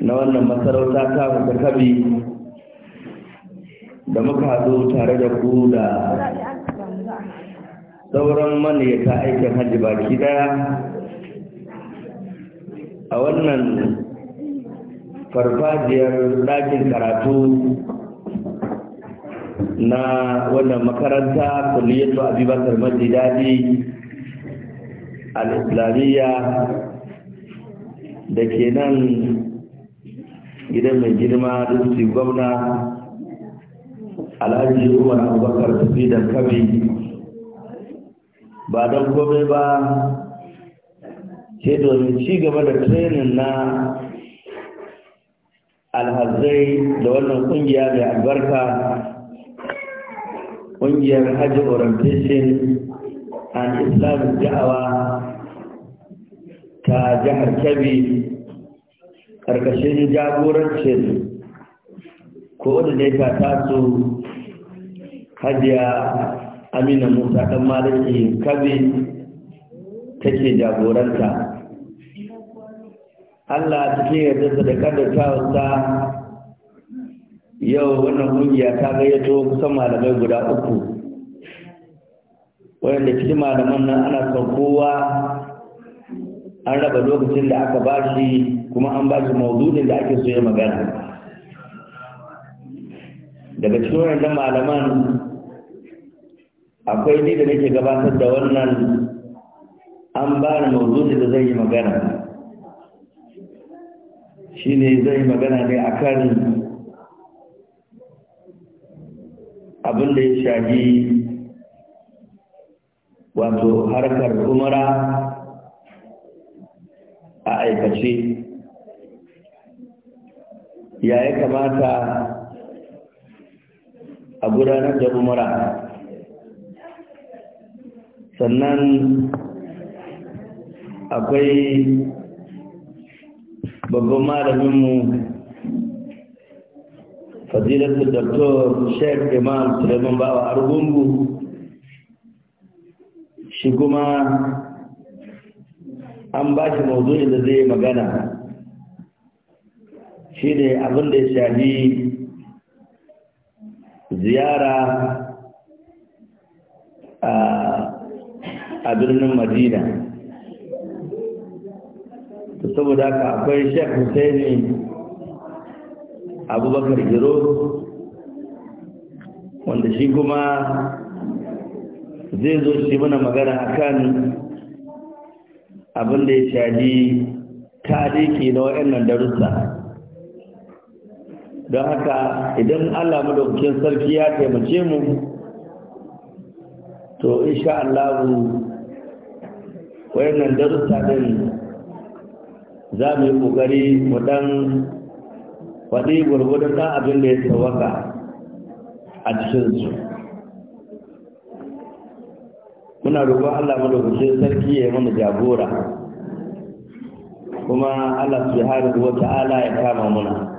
na wannan masarauta ta muka kabi da muka haɗu tare da ku da sauran maniyata aikin hajji baki daya a wannan farfajiyar ɗakin karatu na wannan makaranta kuliyatu abubakar majidadi al-islamiyya da ke nan gidan mai girma rinsu gwamna alhaji umar abubakar tafi da kabi ba don kome ba sai domin ci gaba da trenin na alhazai da wannan kungiya mai albarka kungiyar hajji orientation and islamic da'awa ta jihar kabi ƙarƙashin jagorancin ka taso hajiya amina musa ɗan maliki kabi take jagoranta allah cikin yadda da kaddatawarsa yau wannan ƙungiya ta gayyato kusan malamai guda uku wanda cikin malaman nan ana son kowa an raba lokacin da aka bashi kuma an ba shi mawudin da ake so ya magana daga cikin wannan malaman akwai ni da nake gabatar da wannan an ba ni da zai yi magana shi ne zai magana ne a kan abin da ya shafi wato harkar umara a aikace ya ya kamata a gudanar da umara sannan akwai babban malaminmu fadilatu doktor sheikh imam suleiman bawa argungu shi kuma an ba shi da zai magana shi ne abin da ya shafi ziyara a birnin madina to saboda haka akwai shek husaini abubakar giro wanda shi kuma zai zo shi mana magana akan abin da ya shafi tariki na wa'annan darussa don haka idan Allah madaukakin sarki ya taimace mu to insha Allah wayannan darussa din za mu yi kokari mu dan faɗi gurgurdan ɗan abin da ya tsawaka a cikinsu muna roƙon Allah madaukakin sarki ya yi mana jagora kuma Allah subhanahu wata'ala ya kama muna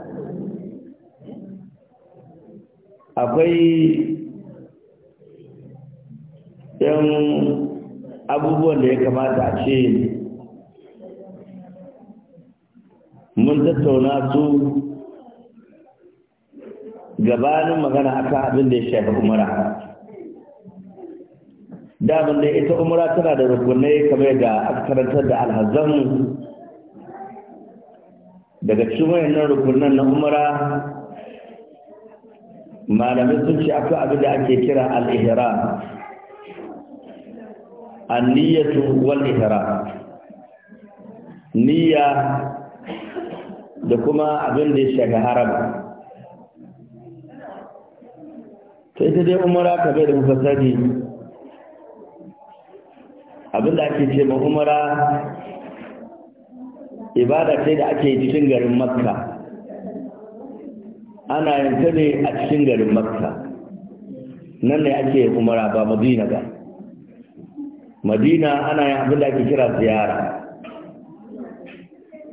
akwai yan abubuwan da ya kamata a ce mun tattauna su gabanin magana a akan abin da ya shafi umara damar da ita umara tana da rukunai kamar da aka karantar da alhazan daga cikin wayannan rukunan na umara malamai sun ce akwai abin da ake kira al-ihram an-niyyatu wal-ihram niyya da kuma abin da ya shaga haram sai ta dai umara ka bai da muka abin da ake ce ma umara ibada ce da ake cikin garin makka ana yin ta ne a cikin garin makka nan ne ake umara ba madina ba madina ana yin abin da ake kira ziyara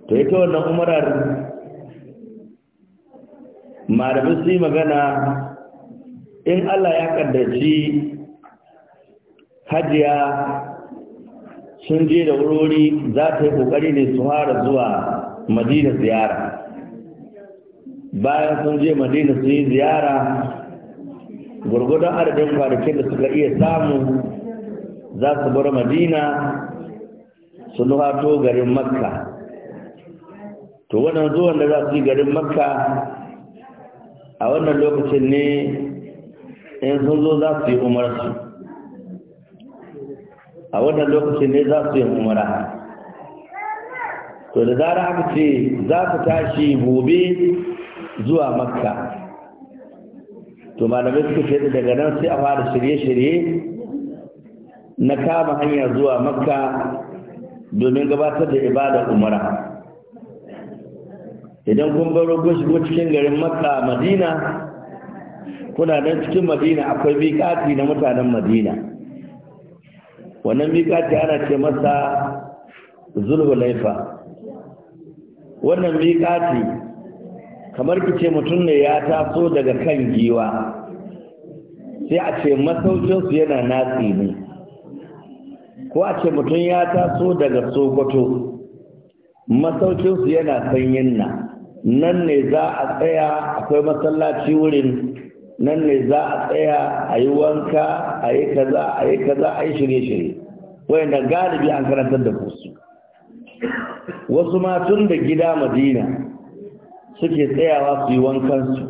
to ita wannan umarar malamin su yi magana in allah ya kaddaci hajiya sun je da wurori za ta yi kokari ne su fara zuwa madina ziyara bayan sun je madina su yi ziyara gurgudan adadin kwanakin da suka iya samu za su bar madina su nuhato garin makka to wannan zuwan da za su yi garin makka a wannan lokacin ne in sun zo za su yi umarsu a wannan lokacin ne za su yi umara to da zara aka ce za su tashi gobe zuwa makka to malamai suka ce daga nan sai a fara shirye-shirye na kama hanya zuwa makka domin gabatar da ibada umara idan kun baro kun shigo cikin garin makka madina kuna nan cikin madina akwai miƙati na mutanen madina wannan miƙati ana ce masa zulhulaifa wannan miƙati kamar ki ce mutum ne ya taso daga kan giwa sai a ce masaukinsu yana natsi ne ko a ce mutum ya taso daga sokoto masaukinsu yana sanyin na nan ne za a tsaya akwai masallaci wurin nan ne za a tsaya a yi wanka a yi kaza a yi kaza a yi shirye-shirye na galibi an karantar da kusu wasu matun da gida madina suke tsayawa su yi wankansu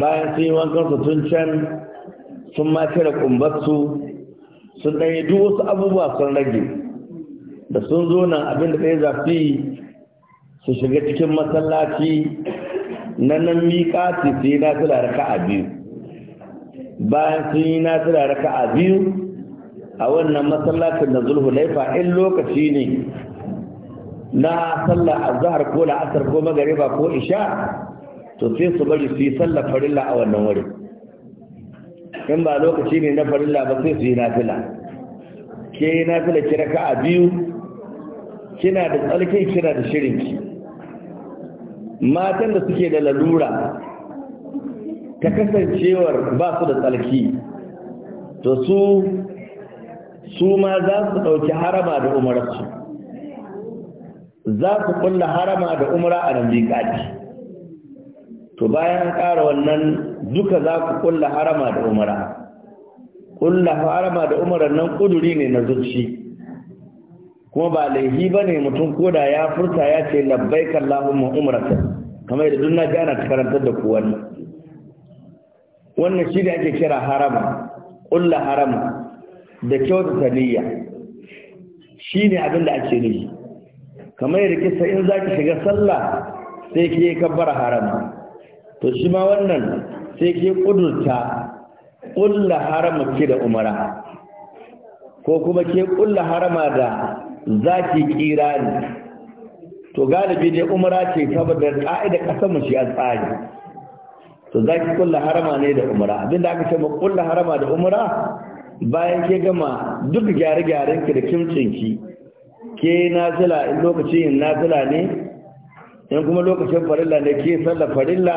bayan sun yi wankansu tun can sun ma da kumbarsu sun ɗaya duk wasu abubuwa sun rage da sun zo nan abin da ɗaya zafi su shiga cikin masallaci na nan miƙa su yi na nasira raka a biyu bayan sun yi nasira raka a biyu a wannan masallacin da zulhu laifa in lokaci ne na sallah azhar ko la'asar ko magariba ko isha to sai su bari su yi sallah farilla a wannan wuri in ba lokaci ne na farilla ba sai su yi nafila ke yi nafila ki raka a biyu kina da tsarki kina da shirin ki? matan da suke da lalura ta kasancewar ba su da tsarki to su su ma za su ɗauki harama da umararsu. za ku kulla harama da umra a nan miƙati to bayan ƙara wannan duka za ku kulla harama da umra kulla harama da umra nan kuduri ne na zuci kuma ba laihi ba ne mutum koda ya furta ya ce labbaik Allahumma umratan kamar da dunna ji ana karantar da ku wani wannan shi ne ake kira harama kulla harama da kyautata niyya shi ne abin da ake nufi kamar yadda kisa in za ki shiga sallah sai ki yi bar harama to shi ma wannan sai ki kudurta ƙulla harama ki da umara ko kuma ke ƙulla harama da za ki ƙira ne to galibi ne umara ce saboda ƙa'ida ƙasa mu shi a tsari to za ki ƙulla harama ne da umara abinda aka ce ma ƙulla harama da umara bayan ke gama duk gyare-gyaren ki da kimcinki ke nazila in lokacin nazila ne in kuma lokacin farilla ne ke sallar farilla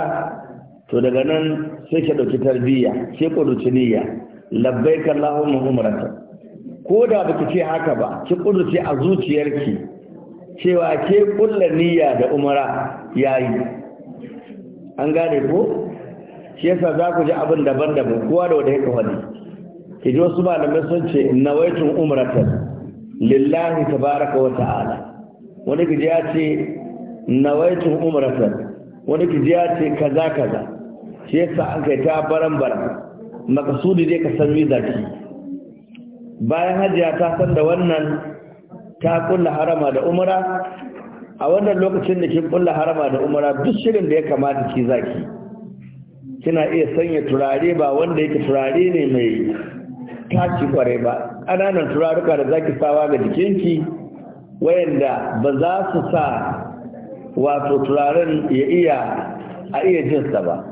to daga nan sai ka ɗauki tarbiyya sai dauki niyya labbai allahumma muhimmata ko da baki ce haka ba ki ƙudurci a zuciyarki cewa ke ƙulla niyya da umara yayi an gane ko shi yasa za ku ji abin daban-daban kowa da wanda ya kawani ki ji wasu malamai sun ce nawaitun umratan lillahi tabaraka wa ta'ala wani kiji ya ce nawaitu umratan wani kiji ya ce kaza kaza shi yasa an kai ta baran baran makasudi dai ka san zaki bayan hajiya ta san da wannan ta kulla harama da umra a wannan lokacin da kin kulla harama da umra duk shirin da ya kamata ki zaki kina iya sanya turare ba wanda yake turare ne mai ci kwarai ba ƙananan turaruka da zaki sawa ga jikinki wayanda ba za su sa wato turaren ya iya a iya jinsa ba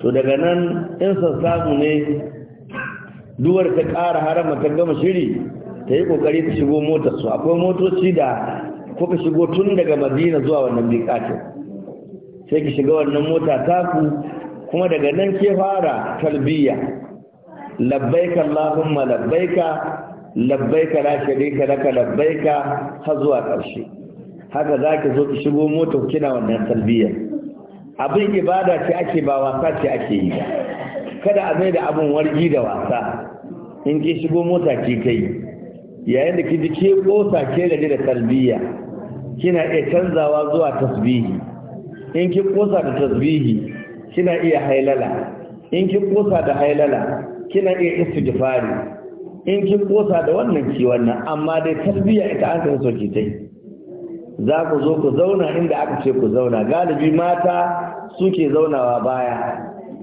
to daga nan in san samu ne duwar ta ƙara harama ta gama shiri ta yi ƙoƙari ta shigo motar su akwai motoci da kuka shigo tun daga madina zuwa wannan bikatin sai ki shiga wannan mota taku kuma daga nan ke fara talbiya لبيك اللهم لبيك لبيك لا شريك لك لبيك حزوا zuwa ƙarshe ذاك zaki zo ki shigo mota kina wannan talbiya abin ibada ce ake ba wasa ce ake yi kada a mai da abin wargi da wasa in ki shigo mota ki kai yayin da kiji ke kosa ke da da talbiya kina iya canzawa zuwa tasbihi in ki kosa da tasbihi kina iya hailala in ki kosa da hailala kina iya istighfari in kin kosa da wannan ki wannan amma dai tarbiyya ita an san so ki tai za ku zo ku zauna inda aka ce ku zauna galibi mata suke zaunawa baya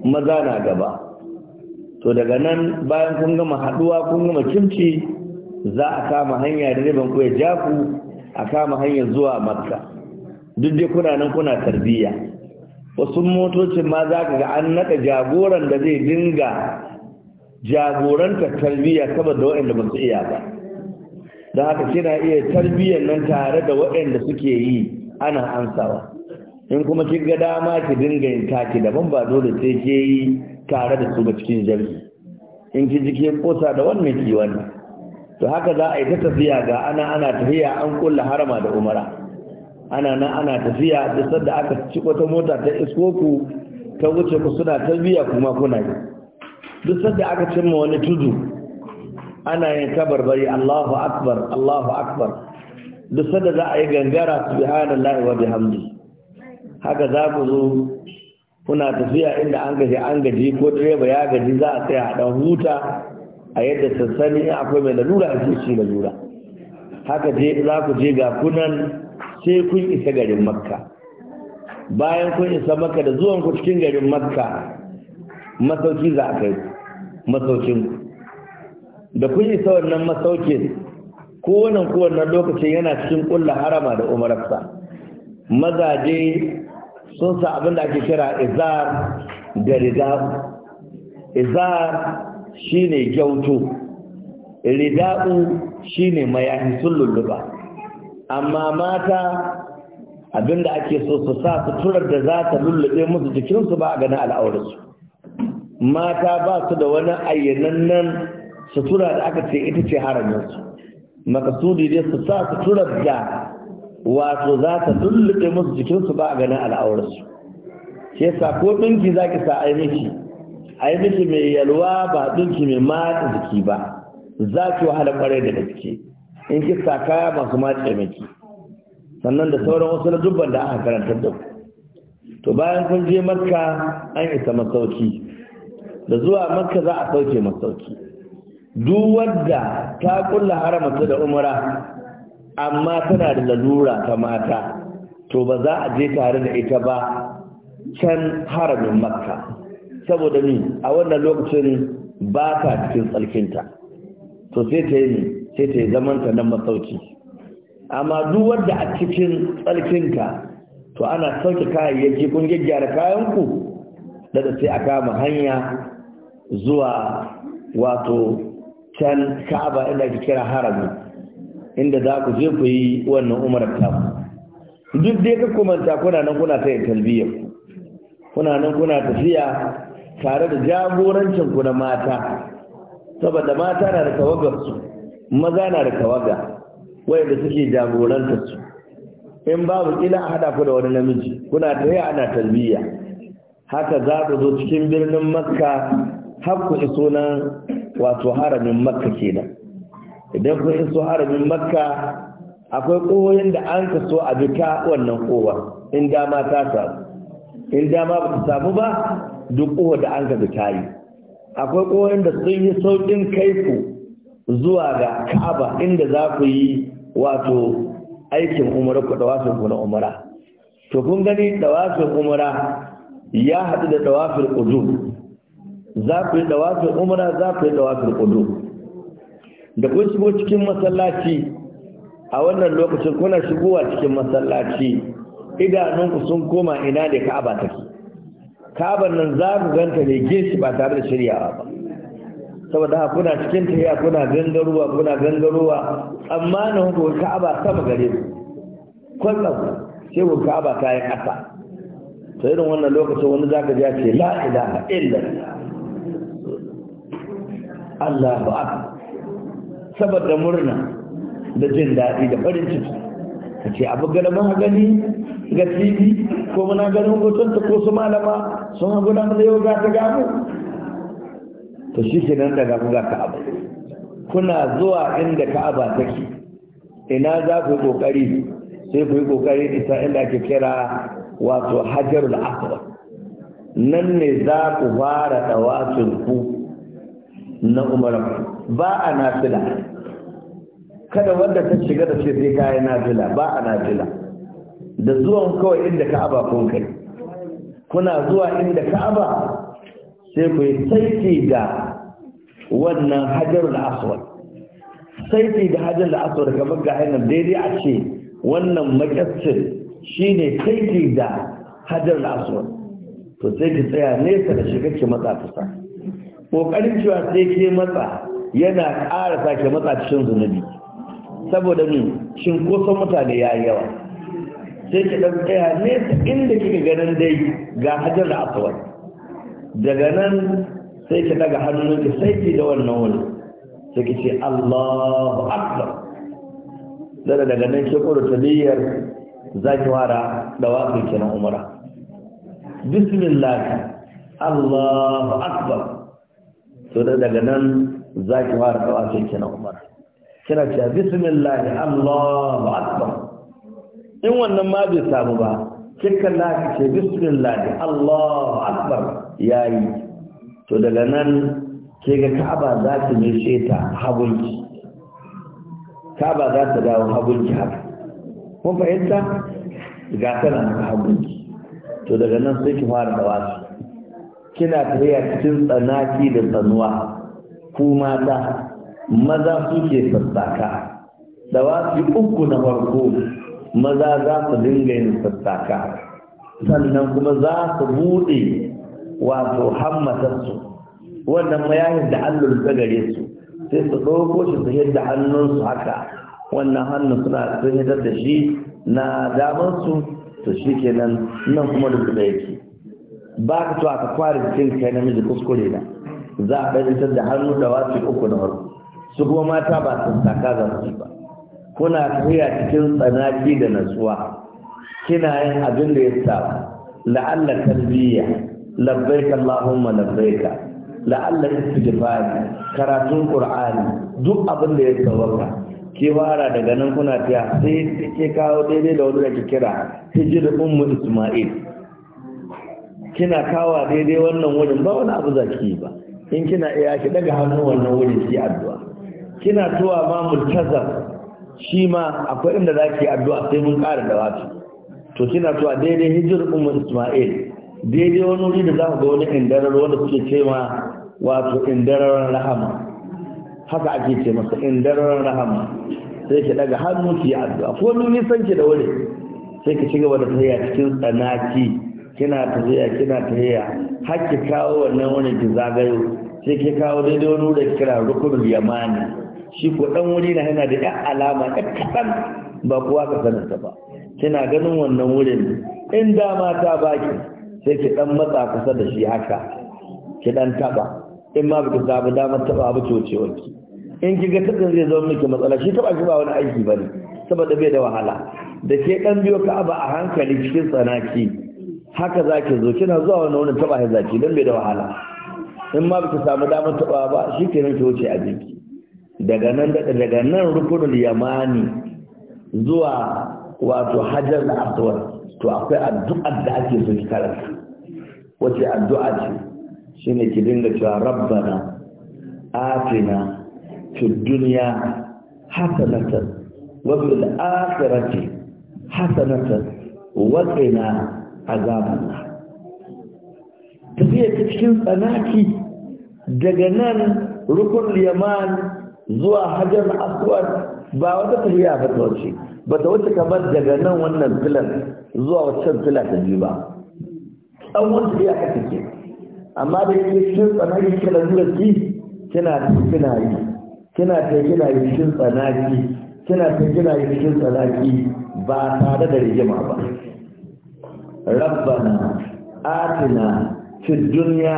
maza na gaba to daga nan bayan kun gama haduwa kun gama kimci za a kama hanya da riban ku ya ja ku a kama hanya zuwa makka duk dai kuna nan kuna tarbiyya wasu motocin ma za ka ga an naɗa jagoran da zai dinga Jagoranta tarbiyya saboda waɗanda ba su iya ba da haka kina iya tarbiyyar nan tare da waɗanda suke yi ana ansawa in kuma kin ga dama ki dinga yin taki daban ba dole sai ke yi tare da su ba cikin jami'i in ki ji ke kosa da wannan ki wannan to haka za a yi ta tafiya ga ana ana tafiya an kulla harama da umara ana nan ana tafiya da sadda aka ci wata mota ta iskoku ta wuce ku suna tarbiyya kuma kuna yi duk sanda aka cimma wani tudu ana yin kabarbari Allahu akbar Allahu akbar duk sanda za a yi gangara subhanallahi wa bihamdi haka za ku zo kuna tafiya inda an gaji an gaji ko direba ya gaji za a tsaya a dan huta a yadda sassani in akwai mai lalura a shi lalura haka je za ku je ga kunan sai kun isa garin makka bayan kun isa makka da zuwan ku cikin garin makka masauki za a kai masaukin da kun isa wannan masaukin ko wannan lokacin yana cikin kulla harama da umararsa mazaje sun sa abin da ake kira izar da rida'u izar shine gyauto rida'u shine mayahi sun lulluba amma mata abin da ake so su sa suturar da za ta lullube musu jikinsu ba a gani al'aurarsu mata ba su da wani ayyanannen sutura da aka ce ita ce haraminsu makasudi dai su sa suturar da wato za ta dullube musu jikinsu ba a ganin al'aurarsu Ke sa ko ɗinki za ki sa ainihi ainihi mai yalwa ba ɗinki mai matsa jiki ba za ki wahala kwarai da gaske in ki sa kaya masu matse maki? sannan da sauran wasu na dubban da aka karantar da ku to bayan kun je makka an isa masauki da zuwa makka za a sauke masauki duk wadda ta kulla haramta da umara amma tana da lalura ta mata to ba za a je tare da ita ba can haramin makka saboda ni a wannan lokacin ba ta cikin tsalkinta to sai ta yi sai ta yi zamanta nan masauki amma duk wadda a cikin tsarkinta to ana sauke kayayyaki kun gyaggyara kayanku daga sai a kama hanya zuwa wato can ka'aba inda ake kira harami inda za ku je ku yi wannan umarar tamu duk dai ka kumanta kuna nan kuna ta yin talbiyar kuna nan kuna tafiya tare da jagorancin ku na mata saboda mata na da tawagar su maza na da tawaga wayanda suke jagorantar su in babu kila a haɗa ku da wani namiji kuna tare ana talbiya haka za ku zo cikin birnin makka har ku iso nan wato haramin makka kenan idan ku iso haramin makka akwai ƙohoyin da an ka so a ta wannan ƙowa in dama ta samu in dama ba ta samu ba duk kowa da an ka ta yi akwai ƙohoyin da sun yi sauƙin kai ku zuwa ga ka'aba inda za ku yi wato aikin umara ko dawafin kuna umara to kun gani dawafin umara ya haɗu da dawafin udu. za ku yi dawafin umara za ku yi dawafin udu. da kun shigo cikin masallaci a wannan lokacin kuna shigowa cikin masallaci idanunku sun koma ina da ka'aba take ka'abar nan za ku ganta ne gishi ba tare da shiryawa ba saboda haka kuna cikin ya kuna gangarowa kuna gangarowa amma na hukun ka'aba sama gare ku kwallon sai ku ka'aba ta yi ƙasa to irin wannan lokacin wani zaka ji ce la ilaha illa Allah, akbar saboda murna da jin daɗi da farin ciki ka ce abu gada mun gani ga tv ko muna ganin hoton ta ko su malama sun hagu da yau za ta gano to shi ke nan daga buga ka'aba kuna zuwa inda ka'aba take ina za ku yi ƙoƙari sai ku yi ƙoƙari isa inda ake kira wato hajarul aswad nan ne za ku fara ɗawacin ku na Umar? ba a nafila kada wanda ta shiga da ce sai kai nafila ba a nafila da zuwan kawai inda ka'aba kun kai kuna zuwa inda ka'aba sai ku yi saiti da wannan hajarul aswad saiti da hajarul aswad kamar ga hanyar daidai a ce wannan shi shine saiti da hajarul aswad to sai ki tsaya nesa da shiga ki matsa kusa kokarin cewa sai ke matsa yana ƙara sake matsa cikin zunubi saboda ni shin mutane ya yi yawa sai ki ɗan tsaya nesa inda kika ganin dai ga hajar aswad daga nan sai ki daga hannunki sai ki da wannan wani sai ki ce Allahu Akbar daga daga nan ki kuro za zaki wara da wasu na umara bismillah Allahu Akbar to daga nan zaki wara da wasu na umara kina ce bismillah Allahu Akbar in wannan ma bai samu ba kika lafi ce bismillah Allahu akbar yayi to daga nan ke ga Ka'aba za ta nishe ta hagunki Ka'aba za ta dawo hagunki haka kun fahimta ga tana haka hagunki to daga nan sai ki fara da wasu kina tafiya cikin tsanaki da tsanuwa ku mata maza suke sassaka da wasu uku na farko maza za su dinga yin sassaka sannan kuma za su buɗe wato hammatarsu wannan mayayin da allon ta gare su sai su ɗauko shi su yadda hannunsu haka wannan hannun suna sun hidar da shi na damansu su shi ke nan kuma da kuma yake ba ka to aka kwari cikin kai namiji kuskure na za a ɗajitar da hannu da wasu uku na farko su kuma mata ba sun saka za su ba kuna tafiya cikin tsanaki da natsuwa kina yin abin da ya sa la'alla tarbiyya labbaika allahumma labbaika la'alla istighfari karatun qur'ani duk abin da ya sawaka ke fara daga nan kuna tafiya sai ke kawo daidai da wani da kira hijir ummu isma'il kina kawo daidai wannan wurin ba wani abu zaki ba in kina iya shi daga hannun wannan wurin ki addu'a kina tuwa ma multazam shi ma akwai inda za ki addu'a sai mun ƙara da wafi to kina zuwa daidai hijir umar ismail daidai wani wuri da za ku ga wani indarar wanda suke ce ma wato indarar rahama haka ake ce masa indarar rahama sai ki daga hannu ki addu'a ko ni nisan ki da wuri sai ki ci gaba da tafiya cikin tsanaki kina tafiya kina tafiya har ki kawo wannan wani ki zagayo sai ki kawo daidai wani wuri da kira rukunul yamani shi ko dan wuri na yana da ya alama ɗan kaɗan ba kowa ka sanar ta ba kina ganin wannan wurin in dama ta baki sai ki dan matsa kusa da shi haka ki dan taba in ma ki samu damar taba ba wanki in ki ga tabin zai zama miki matsala shi taba shi ba wani aiki bane saboda bai da wahala da ke dan biyo ka aba a hankali cikin tsanaki haka zaki zo kina zuwa wani wurin taba ya zaki dan bai da wahala in ma ki samu damar taba ba shi kenan ki wuce a jiki daga nan daga nan rukunul yamani zuwa wato hajar da aswad to akwai addu'a da ake so ki karanta wace addu'a ce shine ki dinga cewa rabbana atina fid dunya hasanatan wa fil akhirati hasanatan wa qina azaban tafiya ta cikin tsanaki daga nan rukun yamani. zuwa hajar aswad ba wata tafiya ba ta wuce ba ta wuce kamar daga nan wannan filan zuwa waccan fila ta biyu ba wata tafiya ka take amma da yake shin tsanaki kina zuwa ki kina ta kina yi kina ta kina yi shin tsanaki kina ta kina yi shin tsanaki ba tare da rigima ba rabbana atina fi dunya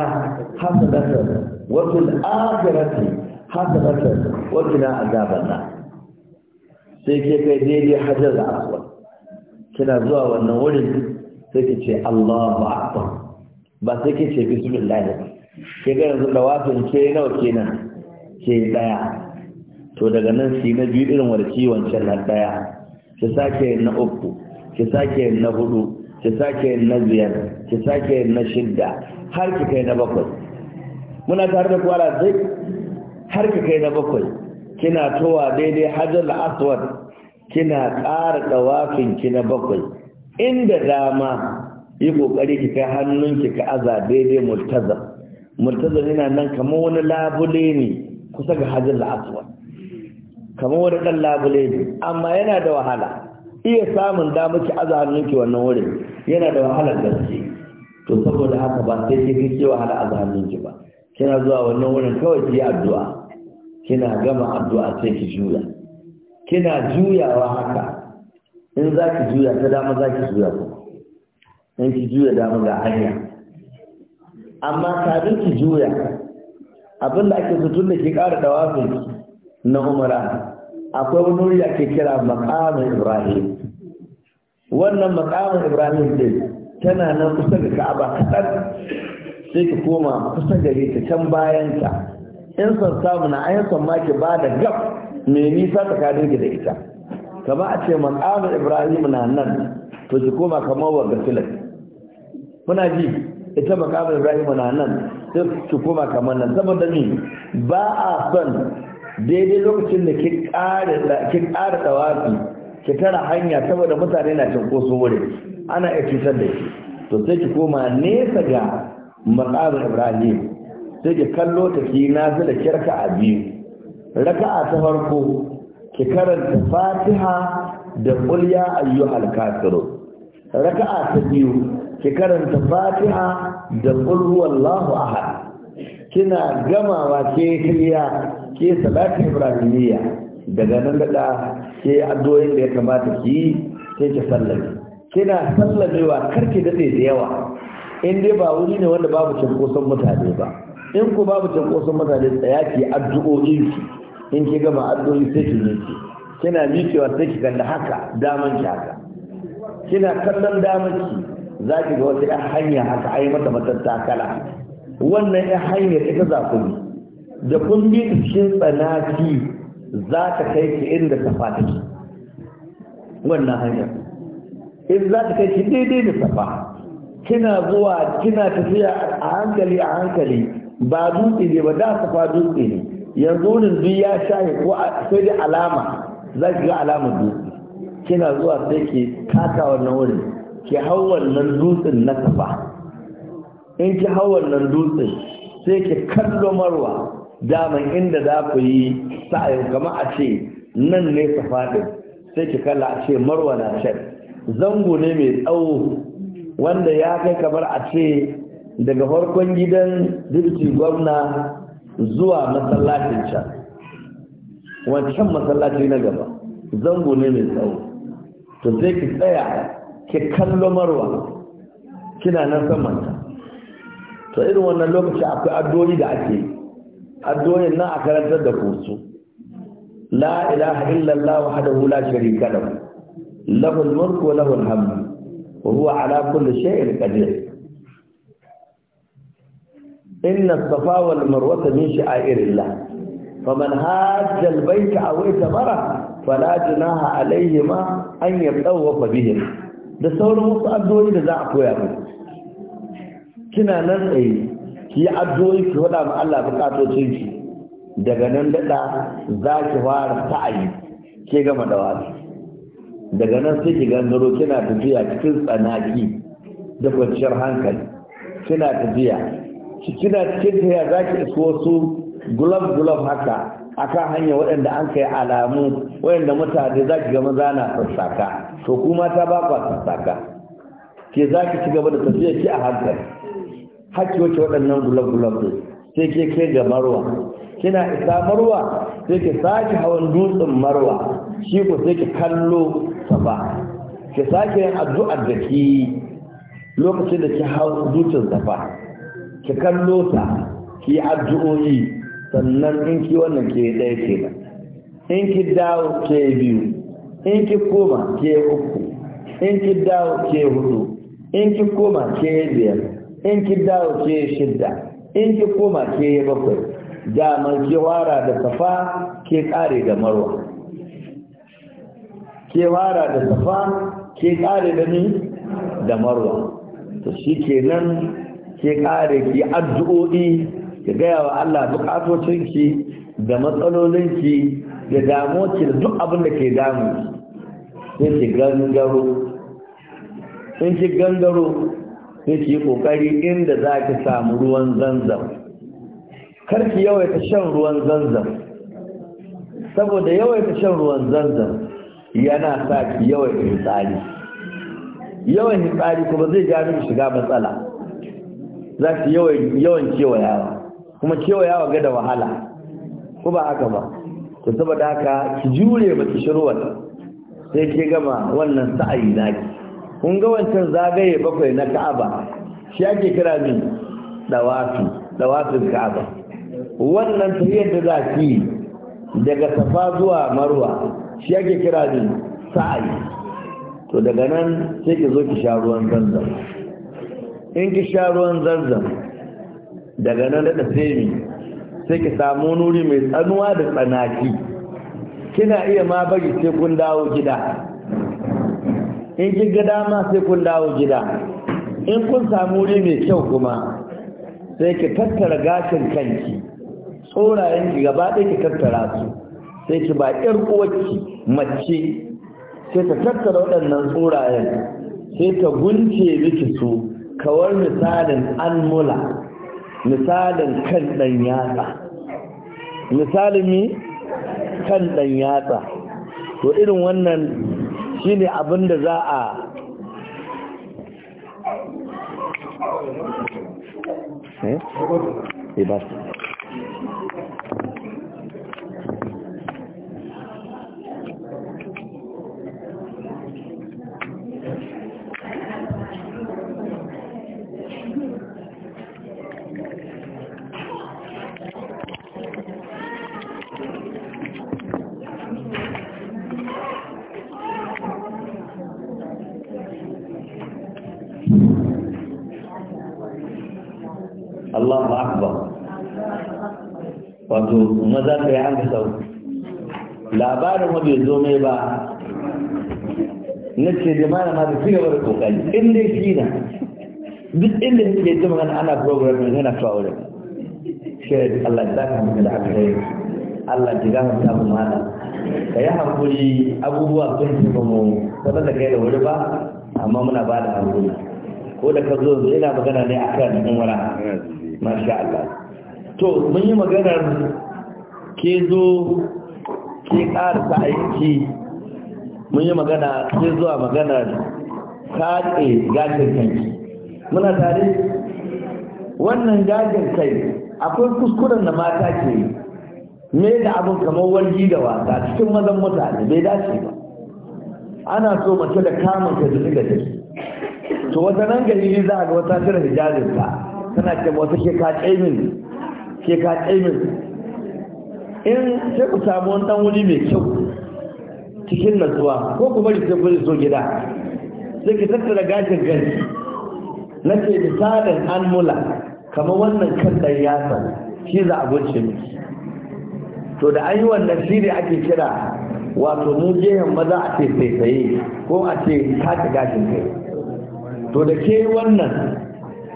hasanatan wa fil akhirati حسنة a عذاب nan sai ke kai daidai hajar da aswa kina zuwa wannan wurin sai ke ce Allahu akbar ba sai ke ce bismillah ba ke ga yanzu da wafin ke nawa kenan ke daya to daga nan shi na biyu irin wanda ciwon na daya ki sake na uku ki sake na hudu ki sake na biyar ki sake na shidda har ki kai na bakwai muna tare da kwara zai har ka kai na bakwai kina towa daidai hajar aswad kina ƙara ɗawafin ki na bakwai inda dama yi ƙoƙari ki kai hannunki ka aza daidai multazam multazam yana nan kamar wani labule ne kusa ga hajar aswad kamar wani ɗan labule ne amma yana da wahala iya samun damar ki aza hannunki wannan wurin yana da wahalar gaske to saboda haka ba sai ki kike wahala aza hannunki ba kina zuwa wannan wurin kawai ki yi addu'a kina gama addu'a sai ki juya kina juyawa haka in za ki juya ta dama za ki juya ku in ki juya dama ga hanya amma kafin ki juya abin da ake zutun da ke ƙara dawafin na umara akwai wani wuri ake kira makamin ibrahim wannan makamin ibrahim ne tana nan kusa da ka'aba kaɗan sai ka koma kusa gare ta can bayanta in san samu na ayan san ma ki bada gab me nisa tsakanin ki da ita Kamar a ce makamu ibrahim na nan to ki koma kamar wa gafilat muna ji ita makamu ibrahim na nan to ki koma kamar nan saboda ni ba a son daidai lokacin da ki ƙara ki ki tara hanya saboda mutane na cinkoso wuri ana iya cutar da shi to sai ki koma nesa ga makamu ibrahim sai ki kallo ta ki nafila kirka a biyu raka'a ta farko ki karanta fatiha da qul ya ayyuhal kafirun raka'a ta biyu ki karanta fatiha da qul huwallahu ahad kina gamawa ke kiyya ke salati ibrahimiyya daga nan daga ke addu'o'in da ya kamata ki sai ki sallame kina sallamewa karki dade da yawa in dai ba wuri ne wanda babu cunkoson mutane ba in ku babu cunkoson mutane tsaya ki addu'o'i in ki gama addu'o'i sai ki ne ki kina miƙewa sai ki kalla haka daman ki haka kina kallon daman ki za ki ga wata 'yan hanya haka ai mata matattakala wannan 'yan hanya ita za ku bi da kun bi cikin tsanaki za ta kai ki inda ta fata ki wannan hanya in za ta kai ki daidai da safa kina zuwa kina tafiya a hankali a hankali ba dutse ne ba da su fa dutse ne yanzu wurin duk ya shaye ko sai da alama za ki ga alamar dutse kina zuwa sai ki taka wannan wuri ki hau wannan dutsen na kafa. in ki hau wannan dutsen sai ki kallo marwa daman inda za ku yi sa'ayin kama a ce nan ne safa ɗin sai ki kalla a ce marwa na can zango ne mai tsawo wanda ya kai kamar a ce daga farkon gidan dirci gwamna zuwa masallacin can wancan masallaci na gaba zango ne mai tsawo to sai ki tsaya ki kallo marwa kina nan samanta to irin wannan lokaci akwai addoli da ake addolin nan a karantar da kusu la ilaha illallah wahdahu la sharika lahu lahu al-mulku wa lahu al-hamd wa huwa ala kulli shay'in qadir inna safa wal marwata min sha'irillah faman hajja al baita aw itamara fala junaha alayhima an yatawwafa bihim da sauran wasu addu'o'i da za a koya muku kina nan tsaye ki addu'o'i ki faɗa ma Allah ki? daga nan daɗa za ki fara ta'ayi ke gama da wasu daga nan sai ki gangaro kina tafiya cikin tsanaki da kwanciyar hankali kina tafiya kina cikin tafiya za ki isko wasu gulab-gulab haka kan hanya waɗanda an kai alamu waɗanda mutane za ki ga maza na sassaka to ku mata ba kwa sassaka ke za ki ci gaba da tafiya ki a hankali haki wace waɗannan gulab-gulab ne sai ke kai ga marwa kina isa marwa sai ki sake hawan dutsen marwa shi ku sai ki kallo safa ki sake yin addu'ar da ki lokacin da ki hau dutsen safa ki kallo ta ki addu'o'i sannan in ki wannan ke ɗaya ke ba in ki dawo ke biyu in ki koma ke uku in ki dawo ke hudu in ki koma ke biyar in ki dawo ke shidda in ki koma ke bakwai damar ki wara da safa ke kare da marwa ke wara da safa ke kare da ni da marwa to shi kenan ke kare ki addu'o'i ki gaya wa Allah bukatocinki da matsalolinki da damuwarki da duk abin da ke damu sai ki gangaro sai ki gangaro sai ki kokari inda za ki samu ruwan zanzam karki yawaita shan ruwan zanzam saboda yawaita shan ruwan zanzam yana sa ki yawaita fitsari yawan hitsari kuma zai ja shiga matsala za su yawan yawa, kuma kewayawa ga da wahala ko ba haka ba to saboda haka ki jure ba ki shirwa sai ki gama wannan sa'ayi naki kun ga wancan zagaye bakwai na ka'aba shi ake kira min dawafi ka'aba wannan tafiyar da za ki daga safa zuwa marwa shi ake kira min sa'ayi to daga nan sai ki zo ki sha ruwan zanzan in ki sha ruwan zarzan daga nan da tsemi sai ki samu nuri mai tsanuwa da tsanaki kina iya ma bari sai kun dawo gida in ki ga dama sai kun dawo gida in kun samu wuri mai kyau kuma sai ki tattara gashin kanki tsorayen ki gaba ɗaya ki tattara su sai ki ba ƴar uwarki mace sai ta tattara waɗannan tsorayen sai ta gunce miki su kawar misalin an mula misalin kan ɗan yatsa misalin mi kan ɗan yatsa to irin wannan shine abin da za a eh? eh ce dai malama da cigaba da kokari in dai shi na duk inda suke ji magana ana program ne yana kawo shi Allah ya saka mu da alheri Allah ya ga mu da mu mana yi hakuri abubuwa sun ci ba mu saboda da kai da wuri ba amma muna ba da hakuri ko da ka zo ina magana ne akan din wala masha Allah to mun yi maganar ke zo ke ƙarasa aiki mun yi magana sai zuwa magana kaɗe gajin kai muna tare wannan gajin kai akwai kuskuren da mata ke yi me da abin kamar wargi da wasa cikin mazan mutane bai dace ba ana so mace da kamun ta jini da jini to wata nan gari za a ga wata shirin hijabin ta tana ce wata ke ka min in sai ku samu wani dan wuri mai kyau cikin natsuwa ko kuma bari sai so gida sai ki tattara gashin gani na ce misalin an mula kamar wannan kan ɗan yasa shi za a gunce to da an yi wannan shi ne ake kira wato mu gehen maza a ce saisaye ko a ce kaka gashin kai to da ke wannan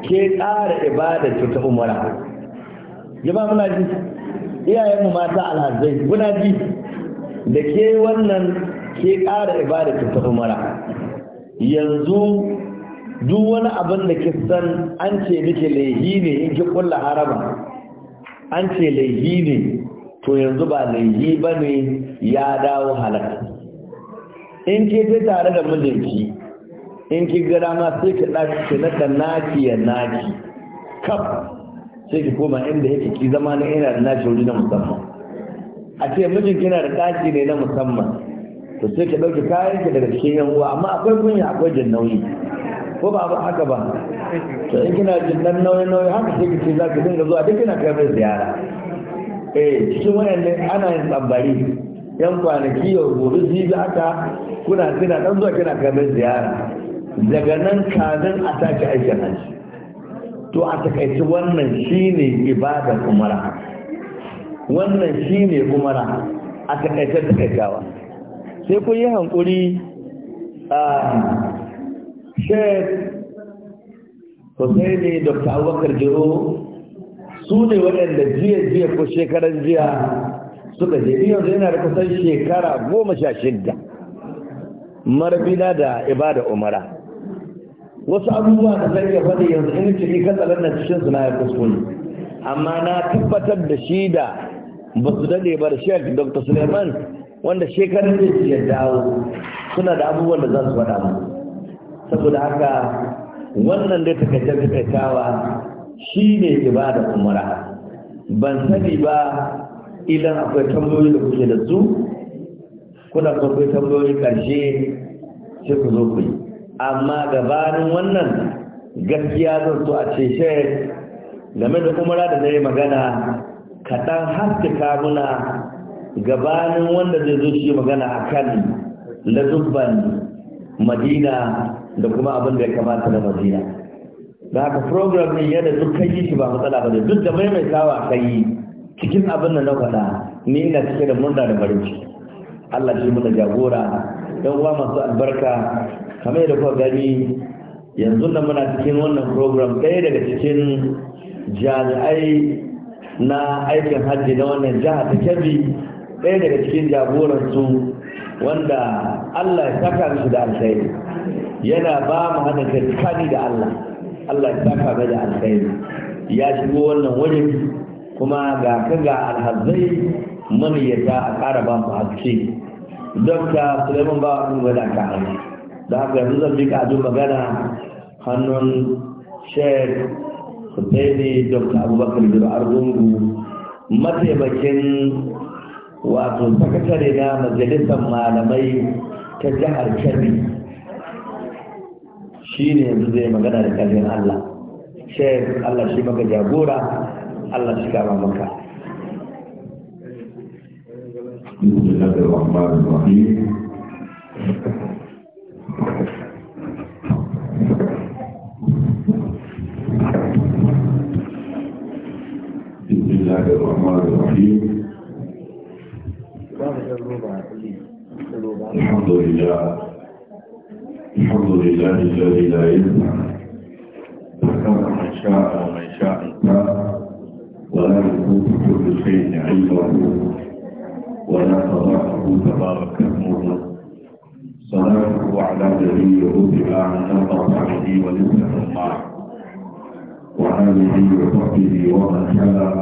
ke ƙara ibada ta umara jama'a muna ji iyayenmu mata alhazai muna ji da ke wannan ke ƙara ibada ki ta umara yanzu duk wani abin da ki san an ce nike laihi ne in ki kulla haraba an ce laihi ne to yanzu ba laihi ba ne ya dawo halatta in ke ta tare da mijinki in ki gara ma sai ki ɗaki ki naka naki ya naki kaf sai ki koma inda yake ki zama na ina da naki wajen musamman a ce mijin kina da ɗaki ne na musamman to sai ki ɗauki kayan ki daga cikin yan uwa amma akwai kunya akwai jin nauyi ko ba ba haka ba to in kina jin nan nauyi nauyi haka sai ki ce za ki dinga zuwa duk kina kai mai ziyara eh cikin ne ana yin tsambari yan kwanaki yau gobe yi haka kuna kina dan zuwa kina kai mai ziyara daga nan kazan a sake aikin hajji to a takaici wannan shine ibadar umara wannan shi ne kuma na a takaitar takaitawa sai kun yi hankuri a shek hussaini dr abubakar jiro su ne waɗanda jiya jiya ko shekaran jiya suka je yanzu yana da kusan shekara goma sha shidda marbina da ibada umara wasu abubuwa da zai iya faɗi yanzu in ciki katsalar na cikin suna ya kuskure amma na tabbatar da shida. ba su dade ba da shek dr suleiman wanda shekarar da ya dawo suna da abubuwan da za su faɗa mu saboda haka wannan da takaitar kawa, shi ne ibada umara ban sani ba idan akwai tambayoyi da kuke da su kuna son tambayoyi ƙarshe sai ku zo ku yi amma gabanin wannan gaskiya zan so a ce shek game da umara da na yi magana kaɗan haskaka muna gabanin wanda zai zo shi magana a kan lazubban madina da kuma abin da ya kamata na madina da haka program ne yadda duk kai yi shi ba matsala ba ne duk da maimaitawa ka yi cikin abin da na faɗa ni ina cike da murna da farin ciki Allah shi muna jagora yan uwa masu albarka kamar yadda kuka gani yanzu da muna cikin wannan program ɗaya daga cikin jami'ai na aikin hajji na wannan jiha ta kebbi ɗaya daga cikin jagoransu wanda Allah ya saka mishi da alkhairi yana ba mu hada kai da Allah Allah ya saka mai da alkhairi ya shigo wannan waje kuma ga ka ga alhazai maniyyata a ƙara ba mu haske dokta Suleiman ba mu gwada ka hannu da haka yanzu zan bi ka magana hannun shek Hussaini Dr. Abubakar jiru Argungu mataimakin wato sakatare na majalisar malamai ta jihar Kebbi shi ne yanzu zai magana da kalin Allah. Shek Allah shi maka jagora, Allah shi kama maka. بسم الله الرحمن الرحيم الله الذي لا يسمع ذكر من شاء ومن شاء انتهى ولا يكون كل شيء علمه ولا تضعه تبارك اسمه صلاته على نبي ربها عن عليه ولسه الله وآله وصحبه ومن شاء